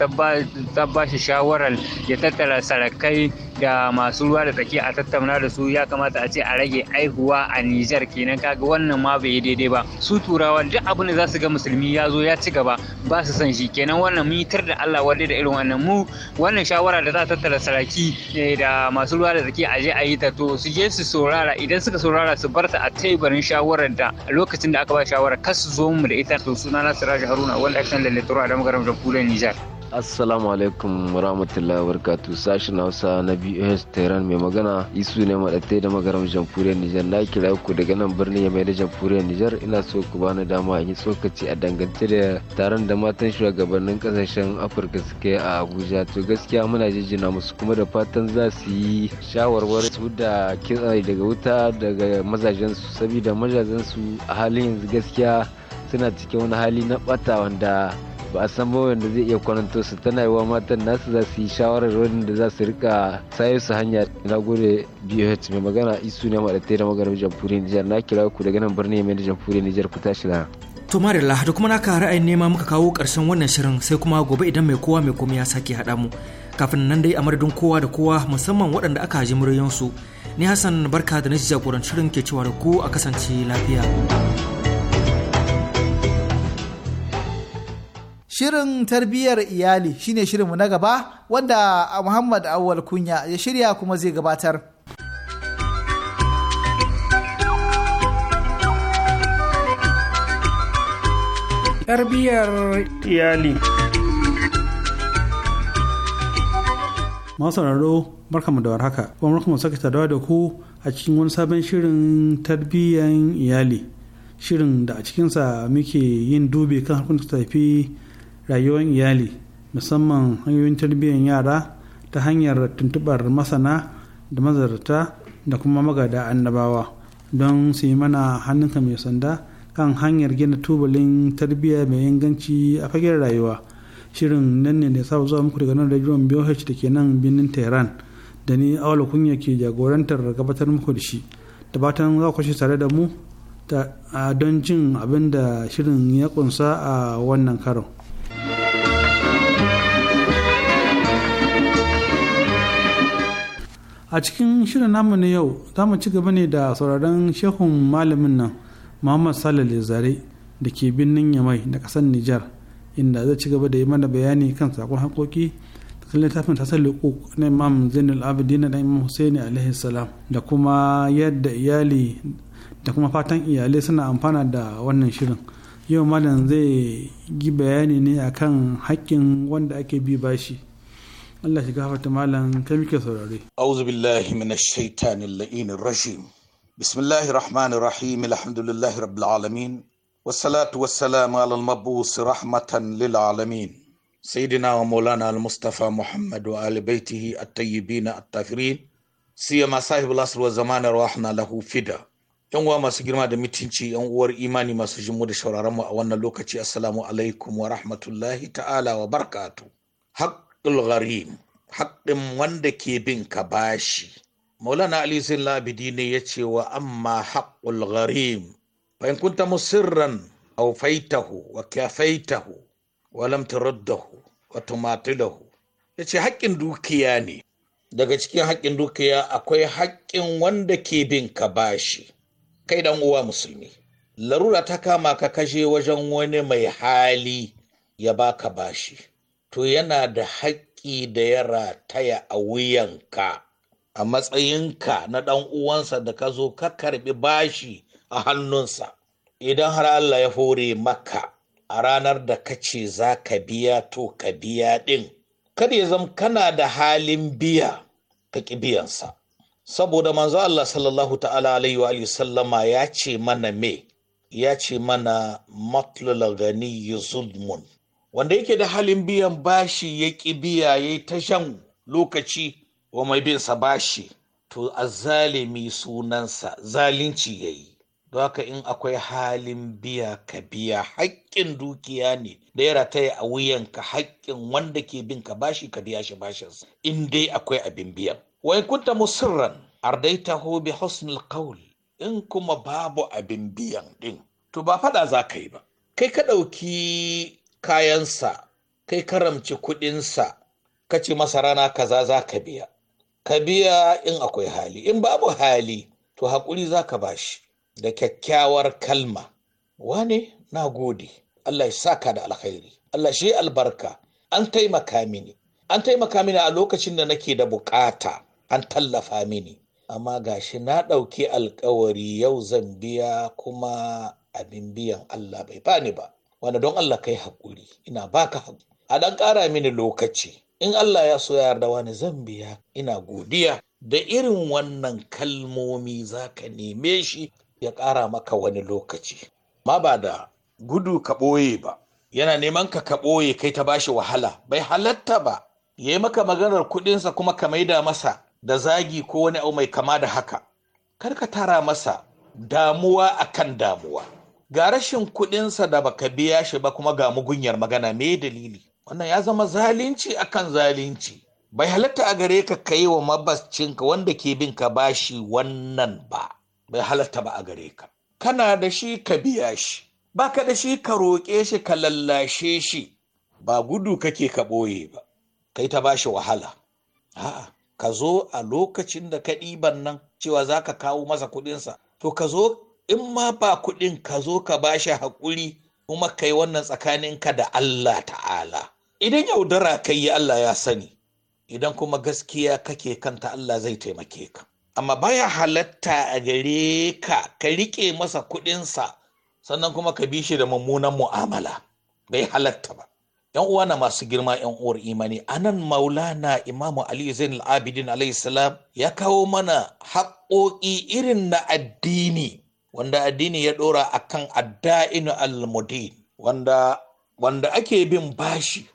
ta ba shi shawarar ya tattara sarakai da masu ruwa da tsaki a tattauna da su ya kamata a ce a rage aihuwa a Nijar kenan kaga wannan ma bai daidai ba su turawa duk abin da za su ga musulmi ya zo ya ci gaba ba su san shi kenan wannan mitar da Allah wadai da irin wannan mu wannan shawara da za ta tattara saraki eh, da masu ruwa da tsaki a je a yi ta to su je su saurara idan suka saurara su bar ta a teburin shawarar da lokacin da aka ba shawara kas su zo mu da ita to suna na Siraj Haruna wanda aka san lalle turawa da magaram da Nijar. assalamu alaikum warahmatullahi wabarakatuh sashen hausa na bs tehran mai magana isu ne maɗatai da magaram jamhuriyar nijar na kira ku daga nan birnin ya mai da jamhuriyar nijar ina so ku bani dama in yi tsokaci a dangance da taron da matan shugabannin kasashen afirka suke a abuja to gaskiya muna jijjina musu kuma da fatan za su yi shawarwar su da kitsa daga wuta daga mazajen su saboda mazajen su a halin yanzu gaskiya suna cikin wani hali na bata wanda ba a san ba wanda zai iya kwananto su tana yiwa matan nasu za su yi shawarar wani da za su rika sayo su hanya na gode bh mai magana isu ne maɗatai da maganar jamhuriyar nijar na kira ku daga nan birnin mai da jamhuriyar nijar ku tashi da to marilla da kuma naka ra'ayin nema muka kawo ƙarshen wannan shirin sai kuma gobe idan mai kowa mai komai ya sake haɗa mu kafin nan dai a madadin kowa da kowa musamman waɗanda aka ji muryansu ni hassan barka da na jagorancin shirin ke cewa da ku a kasance lafiya. Shirin tarbiyyar iyali shine shirinmu na gaba wanda Muhammad Awal Kunya ya shirya kuma zai gabatar. tarbiyyar iyali. masu raro barkamu da warhaka kuma barkamu sake tarawa da ku a cikin wani sabon shirin tarbiyyar iyali shirin da a cikinsa muke yin dubi kan harkar tafi rayuwar iyali musamman hanyoyin tarbiyyar yara ta hanyar tuntubar masana da mazarta da kuma magada annabawa don su yi mana hannunka mai sanda kan hanyar gina tubalin tarbiyya mai inganci a fagen rayuwa shirin nan ne da ya saba zuwa muku daga nan rajiyon boh da ke nan birnin tehran da ni awala kunya ke jagorantar gabatar muku da shi da fatan za ku shi tare da mu don jin abin da shirin ya kunsa a wannan karon. a cikin shirin namu na yau za mu ci gaba ne da sauraron shehun malamin nan muhammad salale zare da ke birnin yamai da kasar nijar inda zai ci gaba da yi mana bayani kan sakon haƙoƙi kan littafin tasar liƙuƙ na imam zainul abidin da imam husaini alaihi salam da kuma yadda iyali da kuma fatan iyalai suna amfana da wannan shirin yau malam zai yi bayani ne akan haƙƙin wanda ake bi bashi Allah shiga hafata malam kai muke saurare. Auzu billahi minash shaitanir la'inir rajim. Bismillahir rahmanir rahim. Alhamdulillahi rabbil alamin. Wassalatu wassalamu ala al-mab'us rahmatan lil alamin. سيدنا ومولانا المصطفى محمد وآل بيته الطيبين الطاهرين سيما صاحب العصر والزمان روحنا له فدا yan uwa masu girma da mutunci yan uwar imani masu jimu da shauraron mu a wannan lokaci assalamu alaikum wa rahmatullahi ta'ala wa barakatu haƙƙul haƙƙin wanda ke bin ka bashi maulana ali zin labidi ne ya ce wa amma haƙƙul gharim ta kunta musirran aufaitahu faitahu wa kafaitahu wa lam turaddahu wa tumatilahu yace haƙƙin dukiya ne daga cikin haƙƙin dukiya akwai haƙƙin wanda ke bin ka bashi kai dan uwa musulmi larura ta kama ka kashe wajen wani mai hali ya baka bashi to yana da haƙƙi da ya rataya a wuyanka a matsayinka na ɗan uwansa da ka zo ka karɓi bashi a hannunsa idan har Allah ya hore maka a ranar da ka ce za ka biya to ka biya ɗin kada ya zama kana da halin biya ka ƙi biyansa saboda manzo Allah sallallahu ta'ala alaihi wa sallama ya ce mana me ya ce mana matlul ghani zulmun wanda yake da halin biyan bashi ya ƙi biya ya yi ta shan lokaci wa mai bin sa bashi to a zalimi sunansa zalunci ya yi don haka in akwai halin biya ka biya haƙƙin dukiya ne da ya rataya a ka haƙƙin wanda ke bin ka bashi ka biya shi bashinsa in dai akwai abin biyan wai kunta musirran ta bi husnul qawl in kuma babu abin biyan din to ba faɗa za ka yi ba kai ka ɗauki kayansa kai karamci kuɗinsa ka ce masa rana kaza za ka biya ka biya in akwai hali in babu hali to haƙuri za ka bashi da kyakkyawar kalma wane na gode Allah ya saka da alkhairi Allah shi albarka an taimaka mini an taimaka mini a lokacin da nake da buƙata an tallafa mini amma ga shi na ɗauki alkawari yau zan biya kuma abin biyan Allah bai bani ba wanda don Allah kai hakuri, ina baka haƙuri a ɗan ƙara mini lokaci in Allah ya so ya yarda wani zan biya ina godiya da irin wannan kalmomi za ka neme shi ya ƙara maka wani lokaci ma ba da gudu ka ɓoye ba yana neman ka ka ɓoye kai ta bashi wahala bai halatta ba ya yi maka maganar kuɗinsa kuma ka maida masa da zagi ko wani abu mai kama da haka kar ka tara masa damuwa akan damuwa ga rashin kuɗinsa da baka biya shi ba kuma ga mugunyar magana me dalili wannan ya zama zalunci akan zalunci bai halatta a gare ka kai wa mabacinka wanda ke bin ka bashi wannan ba bai halatta ba a gare ka kana da shi ka biya shi baka da shi ka roƙe shi ka lallashe shi ba gudu kake ka ɓoye ba kai ta bashi wahala a'a ka zo a lokacin da ka ɗiban nan cewa za ka kawo masa kuɗinsa to ka zo in ma ba kuɗin ka zo ka ba shi haƙuri kuma ka yi wannan tsakanin ka da Allah ta'ala idan yaudara ka yi Allah ya sani idan kuma gaskiya kake kanta Allah zai taimake ka amma baya halatta a gare ka ka riƙe masa kuɗinsa sannan kuma ka bi shi da mummunan mu'amala bai halatta ba yan uwa na masu girma yan uwar imani anan maulana imamu ali zain abidin alayhi salam ya kawo mana haƙoƙi irin na addini wanda addini ya dora akan kan al-mudin wanda wanda ake bin bashi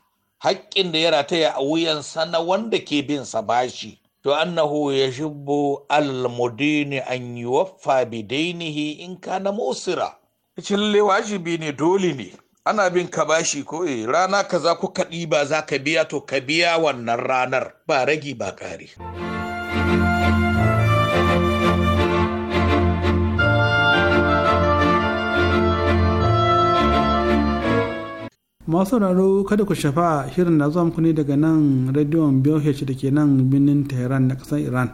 haƙƙin da ya rataya a wuyansa na wanda ke bin sa bashi to annahu yashibbu al-mudin an yuwaffa Dainihi, in kana musira cille wajibi ne dole ne ana bin ka bashi ko eh rana kaza kaɗi ba za ka biya to ka biya wannan ranar ba ragi ba ƙari. masu sauraro kada ku shafa shirin na zuwa muku ne daga nan rediyon BOH da ke nan birnin Tehran na kasar Iran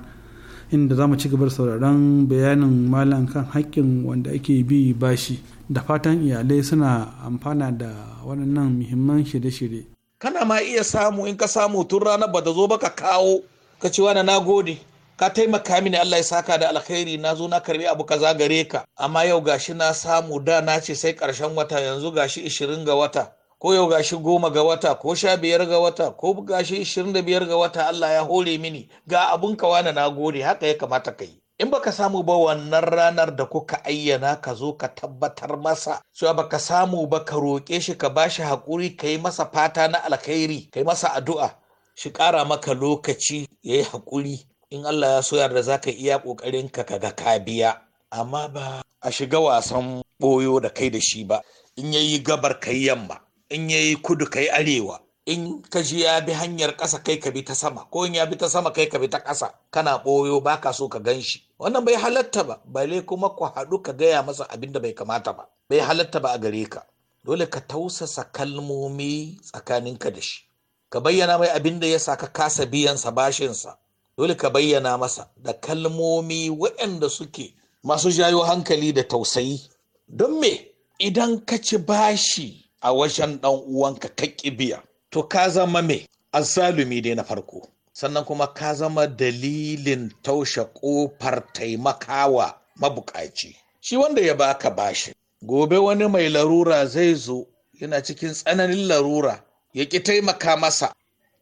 inda za mu ci gaba sauraron bayanin malam kan hakkin wanda ake bi bashi da fatan iyalai suna amfana da waɗannan muhimman shirye-shirye. Kana ma iya samu in ka samu tun ranar ba da zo ba ka kawo ka ci wani na gode ka taimaka mini Allah ya saka da alkhairi na zo na karbi abu kaza gare ka amma yau gashi na samu da na ce sai karshen wata yanzu gashi ishirin ga wata ko yau gashi goma ga wata ko sha biyar ga wata ko gashi ishirin da biyar ga wata Allah ya hore mini ga abun ka na gode haka ya kamata ka yi in baka samu ba wannan ranar da kuka ayyana ka zo ka tabbatar masa ba baka samu ba ka roƙe shi ka bashi haƙuri ka yi masa fata na alkhairi ka yi masa addu'a shi ƙara maka lokaci ya yi haƙuri in Allah ya so yarda za ka iya ƙoƙarin ka ga ka biya amma ba a shiga wasan ɓoyo da kai da shi ba in yayi gabar kai yamma in ya yi kudu kai arewa in ka ji ya bi hanyar ƙasa kai ka bi ta sama ko in ya bi ta sama kai ka bi ta ƙasa kana ɓoyo ba ka so ka gan shi wannan bai halatta ba bale kuma ku haɗu ka gaya masa abin da bai kamata ba bai halatta ba a gare ka dole ka tausasa kalmomi tsakaninka da shi ka bayyana mai abin da ya sa ka kasa biyansa bashinsa dole ka bayyana masa da kalmomi waɗanda suke masu jayo hankali da tausayi don me idan ka ci bashi a wajen ɗan uwanka ka biya to ka zama me azzalumi dai na farko sannan kuma ka zama dalilin taushe ƙofar taimakawa mabukaci shi wanda ya baka bashi gobe wani mai larura zai zo yana cikin tsananin larura ya ƙi taimaka masa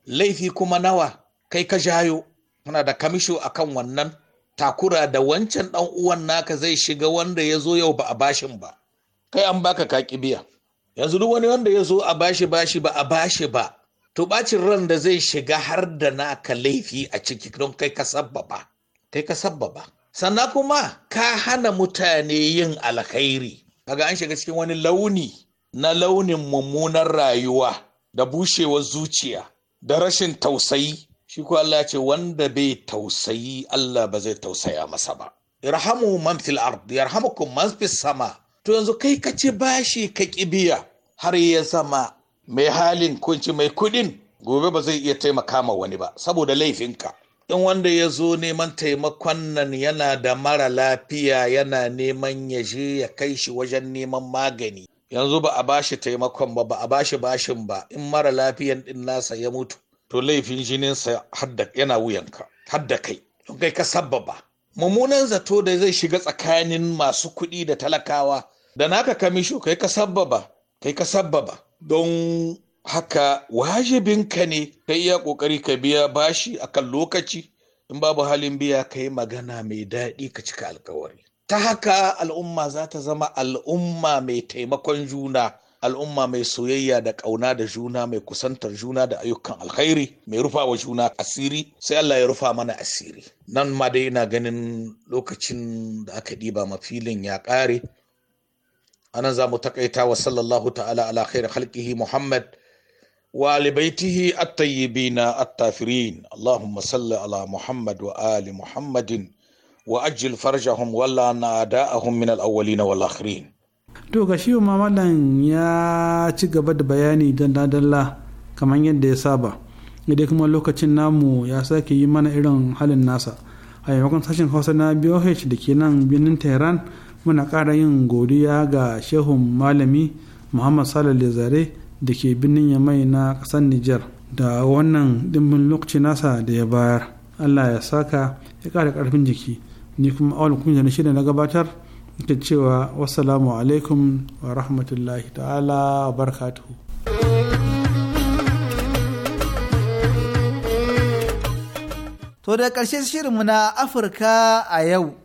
laifi kuma nawa kai ka jayo kana da kamisho akan wannan takura da wancan ɗan uwan naka zai shiga wanda ya zo yau ba a bashin ba kai an baka ka biya yanzu duk wani wanda ya zo a bashi bashi ba a bashi ba to bacin ran da zai shiga har da naka laifi a ciki don kai ka sabbaba kai ka sabbaba sannan kuma ka hana mutane yin alkhairi kaga an shiga cikin wani launi na launin mummunar rayuwa da bushewar zuciya da rashin tausayi shi ko Allah ce wanda bai tausayi Allah ba zai tausaya masa ba irhamu man fil ard yarhamukum man fis sama to yanzu kai ka ci bashi ka biya har ya zama mai halin kunci mai kudin gobe ba zai iya taimaka ma wani ba saboda laifinka in wanda ya zo neman taimakon nan yana da mara lafiya yana neman ya je ya kai shi wajen neman magani yanzu ba a bashi taimakon ba ba a bashi bashin ba in mara lafiyan din nasa ya mutu to laifin jininsa hadda yana wuyanka hadda kai don kai ka ba mummunan zato da zai shiga tsakanin masu kuɗi da talakawa da naka kamisho kai ka sabbaba kai ka sabbaba don haka wajibinka ne ka iya kokari ka biya bashi akan lokaci in babu halin biya ka yi magana mai daɗi ka cika alkawari ta haka al'umma za ta zama al'umma mai taimakon juna al'umma mai soyayya da ƙauna da juna mai kusantar juna da ayyukan alkhairi mai rufa wa juna asiri sai Allah ya rufa mana asiri nan ma dai ina ganin lokacin da aka ɗiba mafilin ya ƙare anan za mu takaita wa sallallahu ta'ala ala khair khalqihi muhammad wa ali baitihi at-tayyibin at-tafirin allahumma salli ala muhammad wa ali muhammadin wa ajil farjahum walla na da'ahum min al-awwalin wal akhirin to ga shi mamadan ya ci gaba da bayani dan dalla kamar yadda ya saba idan kuma lokacin namu ya sake yi mana irin halin nasa a yamakon sashen hausa na boh da ke nan birnin tehran muna ƙara yin godiya ga shehun malami muhammad da zare da ke birnin yamai na ƙasar nijar da wannan dimbin lokaci nasa da ya bayar allah ya saka ya kara karfin jiki ni kuma awal kuma na shida na gabatar da cewa wassalamu alaikum wa rahmatullahi ta'ala wa barakatuhu to da ƙarshen shirinmu na afirka a yau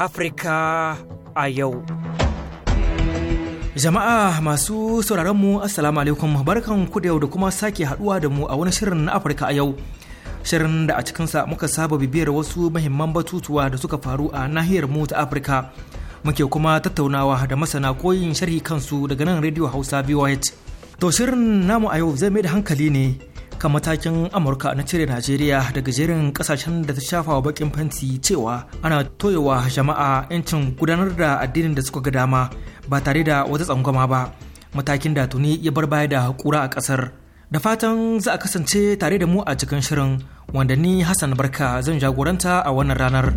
Afirka a yau. Jama'a masu sauraron mu Assalamu alaikum barkan ku da yau da kuma sake haduwa da mu a wani shirin na Afirka a yau. Shirin da a cikinsa muka saba bibiyar wasu mahimman batutuwa da suka faru a nahiyar mu ta Afirka. Muke kuma tattaunawa da masana koyin sharhi kansu daga nan Radio Hausa VOH. To shirin namu a yau zai mai da hankali ne kan matakin amurka na cire najeriya daga jerin kasashen da ta shafa wa bakin fenti cewa ana toyewa jama'a 'yancin gudanar da addinin da suka ga dama ba tare da wata tsangwama ba matakin da tuni ya bar baya da kura a kasar da fatan za a kasance tare da mu a cikin shirin wanda ni hassan barka zan jagoranta a wannan ranar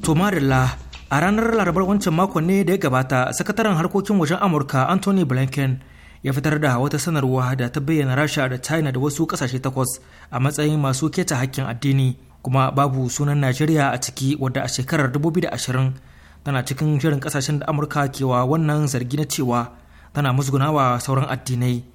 to marilla a ranar larabar wancan makon ne da ya gabata sakataren harkokin wajen amurka anthony blinken ya fitar da wata sanarwa da ta bayyana rasha da china da wasu kasashe takwas a matsayin masu keta hakkin addini kuma babu sunan najeriya a ciki wadda a shekarar 2020 tana cikin shirin kasashen da amurka kewa wannan zargi na cewa tana musgunawa sauran addinai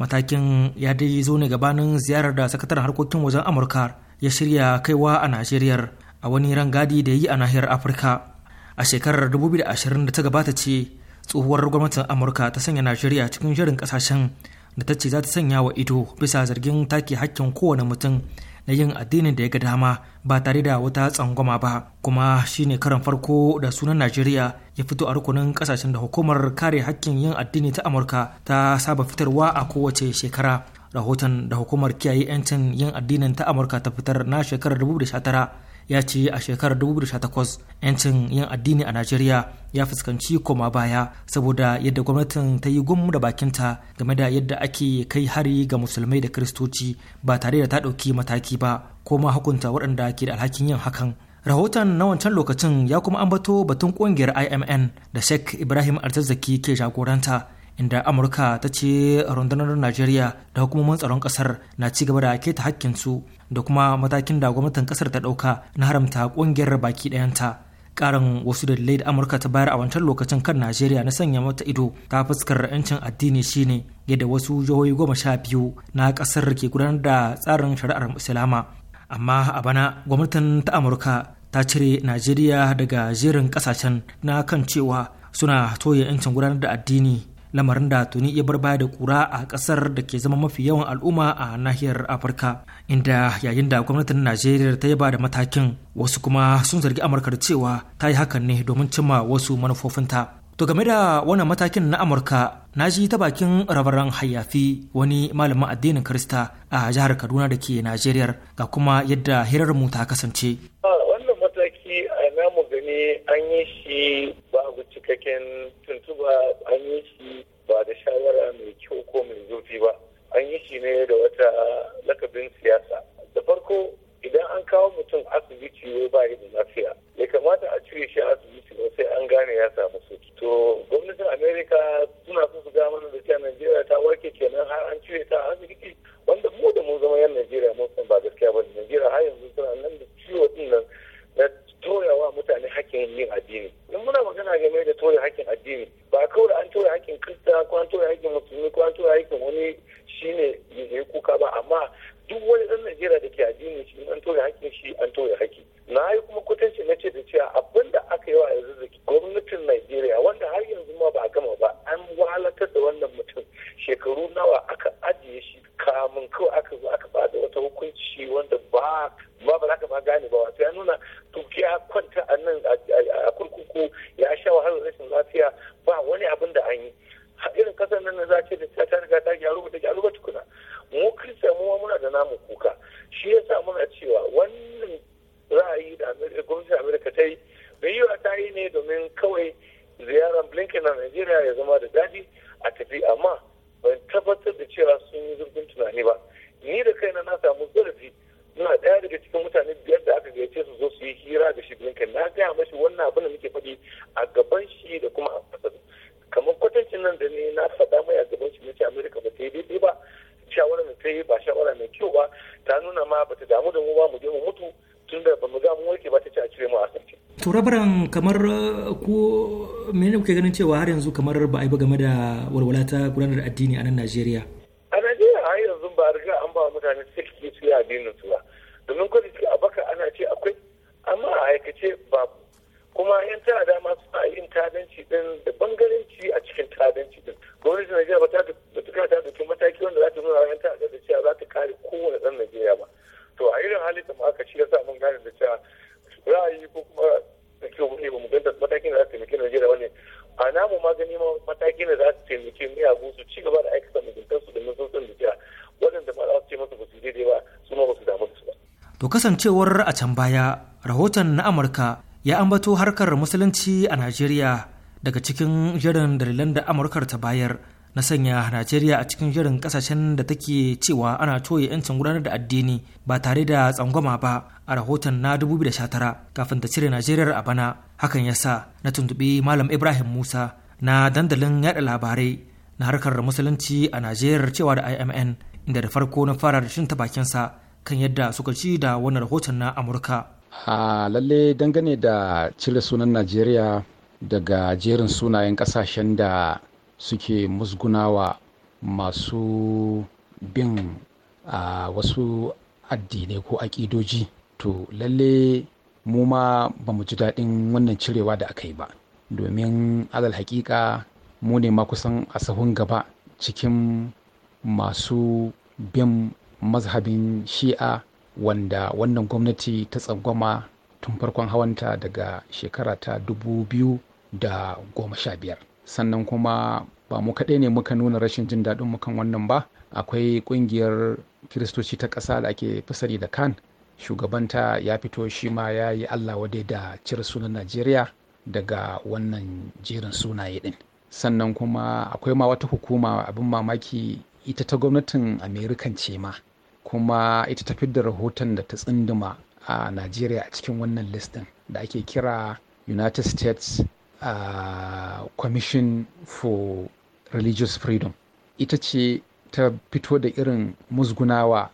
matakin ya dai zo ne gabanin ziyarar da sakataren harkokin wajen amurka ya shirya kaiwa a Najeriya a wani rangadi da yi a nahiyar afirka a shekarar 2020 da ta gabata ce tsohuwar gwamnatin amurka ta sanya najeriya cikin shirin kasashen da ta ce za ta sanya wa ido bisa zargin take hakkin kowane mutum na yin addinin da ya ga dama ba tare da wata tsangwama ba kuma shine karan farko da sunan najeriya ya fito a rukunin kasashen da hukumar kare hakkin yin addini ta amurka ta saba fitarwa a kowace shekara rahoton da hukumar kiyaye 'yancin yin addinin ta amurka ta fitar na shekarar 2019 ya ce a shekarar 2018 'yancin yin addini a najeriya ya fuskanci koma baya saboda yadda gwamnatin ta yi gum da bakinta game da yadda ake kai hari ga musulmai da kiristoci ba tare da ta ɗauki mataki ba ko ma hukunta waɗanda ke da alhakin yin hakan rahoton na wancan lokacin ya kuma ambato batun ƙungiyar imn da sheikh ibrahim arzazzaki ke jagoranta inda amurka ta ce rundunar najeriya da hukumomin tsaron kasar na ci gaba da keta hakkinsu da kuma matakin da gwamnatin kasar ta ɗauka na haramta ƙungiyar baki ɗayanta ƙarin wasu dalilai da amurka ta bayar a wancan lokacin kan najeriya na sanya mata ido ta fuskar 'yancin addini shine yadda wasu jihohi goma sha biyu na kasar ke gudanar da tsarin shari'ar islama amma a bana gwamnatin ta amurka ta cire najeriya daga jerin kasashen na kan cewa suna toye 'yancin gudanar da addini lamarin da tuni ya bar baya da kura a kasar da ke zama mafi yawan al'umma a nahiyar afirka inda yayin da gwamnatin najeriya ta yaba da matakin wasu kuma sun zargi amurka da cewa ta yi hakan ne domin cimma wasu manufofinta to game da wannan matakin na amurka na ji ta bakin rabaran hayafi wani malamin addinin krista a jihar kaduna da ke najeriya ga kuma yadda hirarmu ta kasance ne an yi shi babu cikakken tuntuba an yi shi ba da shawara mai kyau ko mai zurfi ba an yi shi ne da wata lakabin siyasa da farko idan an kawo mutum asibiti ne ba da lafiya ya kamata a cire shi asibiti ba sai an gane ya samu sauki to gwamnatin america suna su ga mana da cewa najeriya ta warke kenan har an cire ta asibiti wanda mu da mu zama yan najeriya mun san ba gaskiya ba najeriya har yanzu suna nan da ciwo din nan toya wa mutane hakkin yin addini in muna magana game da toya hakkin addini ba kawai an toya hakkin krista ko an toya hakkin musulmi ko an toya hakkin wani shine ya kuka ba amma duk wani ɗan najeriya da ke addini shi an toye hakkin shi an toye hakki na yi kuma kwatance na ce da cewa abin da aka yi wa yanzu zaki gwamnatin najeriya wanda har yanzu ma ba a gama ba an walatar da wannan mutum shekaru nawa aka ajiye shi kamun kawai aka zo aka bada wata hukunci wanda ba ba ba za ka gane ba wato ya nuna tuki ya kwanta a nan a kurkuku ya sha wahalar rashin lafiya ba wani abin da an yi irin kasar nan za ce da ta riga ta gyaru ba ta gyaru ba tukuna mu kirista mu muna da namu kuka shi yasa muna cewa wannan ra'ayi da gwamnatin amurka ta yi bai yiwa ta yi ne domin kawai ziyarar blinken na najeriya ya zama da daɗi a tafi amma ban tabbatar da cewa sun yi zurfin tunani ba ni da kaina na samu zarafi Muna ɗaya daga cikin mutane biyar da aka gayyace su zo su yi hira da shi blinken na gaya mashi wannan abin da muke faɗi rabaran kamar uh, ko menene kuke ganin cewa har yanzu kamar ba a yi ba game da walwala ta gudanar da addini a nan najeriya kasancewar a can baya rahoton na amurka ya ambato harkar musulunci a najeriya daga cikin jirin dalilan da amurkar ta bayar na sanya najeriya a cikin jirin kasashen da take cewa ana toye 'yancin gudanar da addini ba tare da tsangwama ba a rahoton na 2019 kafin ta cire najeriya a bana hakan ya sa na tuntubi malam ibrahim musa na dandalin yada labarai na harkar musulunci a najeriya cewa da imn inda da farko na fara da shin ta bakinsa kan yadda suka ci da wani rahoton na amurka a lalle dangane da cire sunan najeriya daga jerin sunayen kasashen da suke musgunawa masu bin a wasu addinai ko aƙidoji to lalle mu ma ba mu ji daɗin wannan cirewa da aka yi ba domin alal hakika mu ne ma kusan a sahun gaba cikin masu bin mazhabin shi'a wanda wannan gwamnati ta tsangwama tun farkon hawanta daga shekara ta dubu biyu da sha biyar sannan kuma ba mu kaɗai ne muka nuna rashin jin daɗin mu kan wannan ba akwai ƙungiyar kiristoci ta ƙasa da ake fasari da kan shugabanta ya fito shi ma ya yi allah wade da cire sunan najeriya daga wannan jerin sunaye ɗin sannan kuma akwai ma wata hukuma abin mamaki ita ta gwamnatin amerikan ce ma kuma ita ta fidda rahoton da ta tsinduma a najeriya a cikin wannan listin da ake kira united states uh, commission for religious freedom ita ce ta fito da irin musgunawa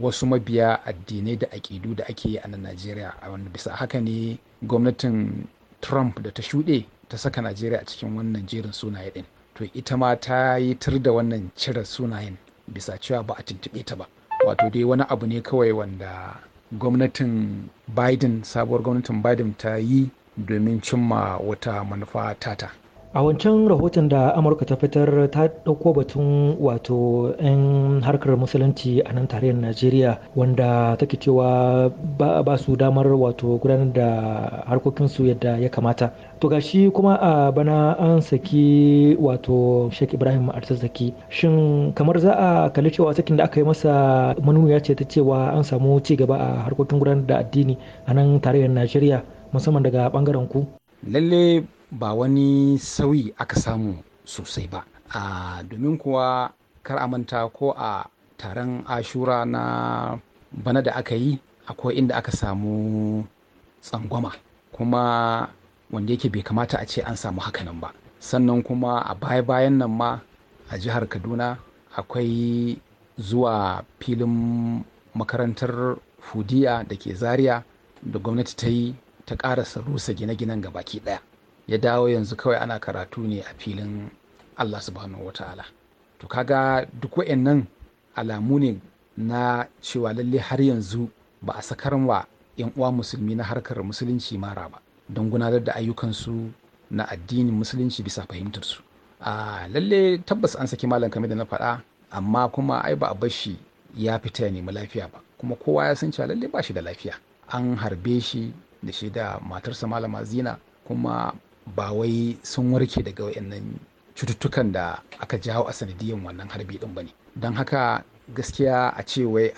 wasu mabiya addinai da aƙidu da ake yi a nan najeriya a wanda bisa haka ne gwamnatin trump da ta shuɗe ta saka najeriya a cikin wannan jerin sunaye ɗin to ita ma ta yi tur da wannan cire sunayen bisa cewa ba a tuntuɓe ta ba wato dai wani abu ne kawai wanda gwamnatin biden sabuwar gwamnatin biden ta yi domin cimma wata manufa tata a wancan rahoton da amurka ta fitar ta ɗauko batun wato 'yan harkar musulunci a nan tarayyar najeriya wanda take cewa ba su damar wato gudanar da harkokinsu yadda ya kamata to gashi kuma a bana an saki wato sheikh ibrahim artazaki shin kamar za a kalli cewa sakin da aka yi masa manuya ce ta cewa an samu ci gaba a harkokin gudanar da addini a nan tarayyar najeriya musamman daga bangaren ku lalle ba wani sauyi aka samu sosai ba a domin kuwa kar a manta ko a taron ashura na bana da aka yi akwai inda aka samu tsangwama kuma wanda yake bai kamata a ce an samu hakanan ba sannan kuma a baya-bayan nan ma a jihar kaduna akwai zuwa filin makarantar fudiya da ke zaria da gwamnati ta yi ta ƙarasa rusa gine-ginen gabaki ɗaya ya dawo yanzu kawai ana karatu ne a filin allah subhanahu wata'ala to kaga duk wa'annan alamu ne na cewa lalle har yanzu ba a sakar wa 'yan uwa musulmi na harkar musulunci mara ba don gudanar da ayyukansu na addinin musulunci bisa fahimtar su? lalle tabbas an saki malam kamar da na faɗa amma kuma ai ba a bar shi ya fita ya nemi lafiya ba kuma kowa ya san cewa lalle ba shi da lafiya an harbe shi da shi da matarsa malama zina kuma ba wai sun warke daga wayannan cututtukan da aka jawo a sanadiyan wannan harbi din bane don haka gaskiya a ce wai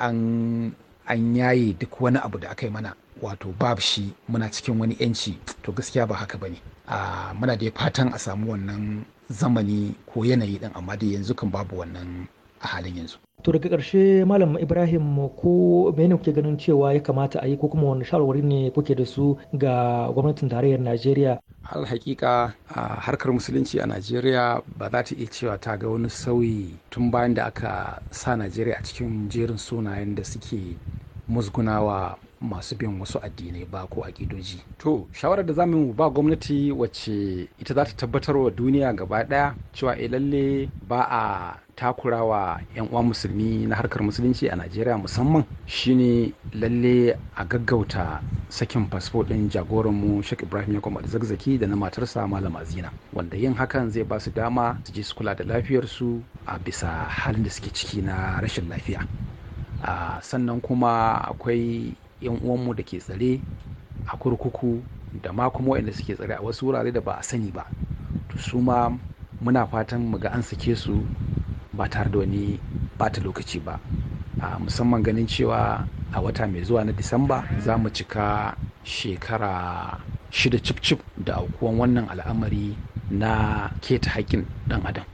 an yaye duk wani abu da aka yi mana wato babu shi muna cikin wani yanci to gaskiya ba haka bane a muna da fatan a samu wannan zamani ko yanayi din amma dai yanzu kan babu wannan a halin yanzu to daga karshe malam ibrahim ko mene kuke ganin cewa ya kamata a yi ko kuma wani shawarwari ne kuke da su ga gwamnatin tarayyar najeriya har hakika a harkar musulunci a najeriya ba za ta iya cewa ta ga wani sauyi tun bayan da aka sa najeriya a cikin jerin sunayen da suke musgunawa masu bin wasu addinai ba ko akidoji to shawarar da za mu ba gwamnati wacce ita za ta tabbatar wa duniya gaba daya cewa eh, lalle ba a takurawa 'yan uwa musulmi na harkar musulunci a najeriya musamman shine lalle a gaggauta sakin fasfo ɗin jagoranmu shek ibrahim ya zagzaki da na matarsa malama zina wanda yin hakan zai ba su dama su je su kula da lafiyarsu a bisa halin da suke ciki na rashin lafiya a sannan kuma akwai 'yan uwanmu da ke tsare a kurkuku da ma kuma waɗanda suke tsare a wasu wurare da ba a sani ba to su ma muna fatan mu ga an sake su ba tare da wani bata lokaci ba a musamman ganin cewa a wata mai zuwa na disamba za mu cika shekara shida cif-cif da aukuwan wannan al'amari na keta haƙƙin ɗan adam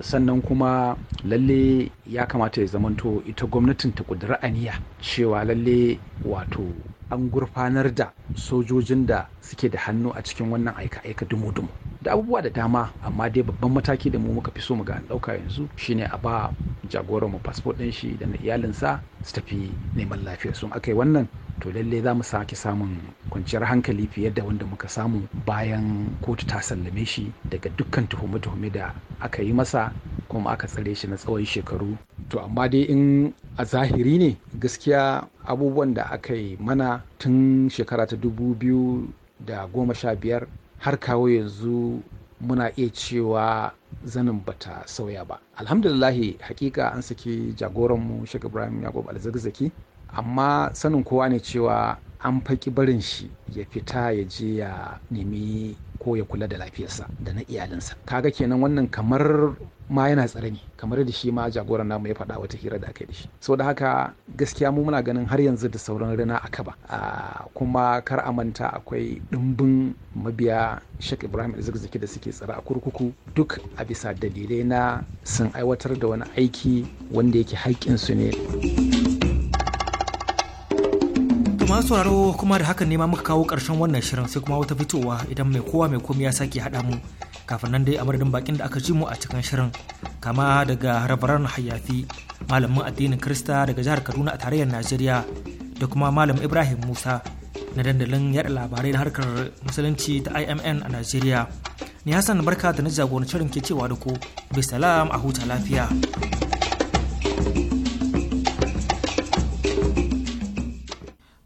sannan kuma lalle ya kamata ya zamanto ita gwamnatin ta ƙudura aniya cewa lalle wato an gurfanar da sojojin da suke da hannu a cikin wannan aika-aika dumu-dumu da abubuwa da dama amma dai babban mataki da mu muka fi so mu ga an ɗauka yanzu shine a ba jagoran mu passport ɗin shi da na iyalinsa su tafi neman lafiya sun aka wannan to lalle za mu sake samun kwanciyar hankali fiye da wanda muka samu bayan kotu ta sallame shi daga dukkan tuhume-tuhume da aka yi masa kuma aka tsare shi na tsawon shekaru to amma dai in a zahiri ne gaskiya abubuwan da aka yi mana tun shekara ta dubu biyu da goma sha biyar har kawo yanzu muna iya cewa zanin bata sauya ba alhamdulillahi hakika an saki jagoranmu shek ibrahim yakub alzazzaki amma sanin kowa ne cewa an faƙi barin shi ya fita ya je ya nemi ko ya kula da lafiyarsa da na iyalinsa kaga kenan wannan kamar ma yana tsare ne kamar da shi ma jagoran namu ya faɗa wata hira da aka yi da shi saboda haka gaskiya mu muna ganin har yanzu da sauran rina a kaba kuma kar a manta akwai ɗimbin mabiya Sheikh Ibrahim Zikziki da suke tsare a kurkuku duk a bisa dalilai na sun aiwatar da wani aiki wanda yake haƙƙinsu ne. masu sauraro kuma da hakan ne ma muka kawo ƙarshen wannan shirin sai kuma wata fitowa idan mai kowa mai komi ya sake haɗa mu kafin nan dai a madadin bakin da aka ji mu a cikin shirin kama daga rabaran hayafi malamin addinin krista daga jihar kaduna a tarayyar najeriya da kuma malam ibrahim musa na dandalin yada labarai na harkar musulunci ta imn a najeriya ni hassan barka da na jagorancin ke cewa da ku bisalam a huta lafiya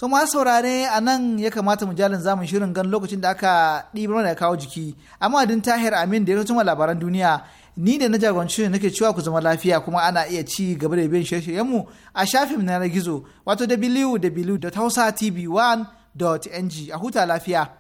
to ma saurare a nan ya kamata mu jalin zamun shirin gan lokacin da aka ɗibar mana kawo jiki amma din tahir amin da ya tuma labaran duniya ni da na jagoranci nake cewa ku zama lafiya kuma ana iya ci gaba da bin shirye-shiryenmu a shafin na gizo wato www.hausatv1.ng a huta lafiya.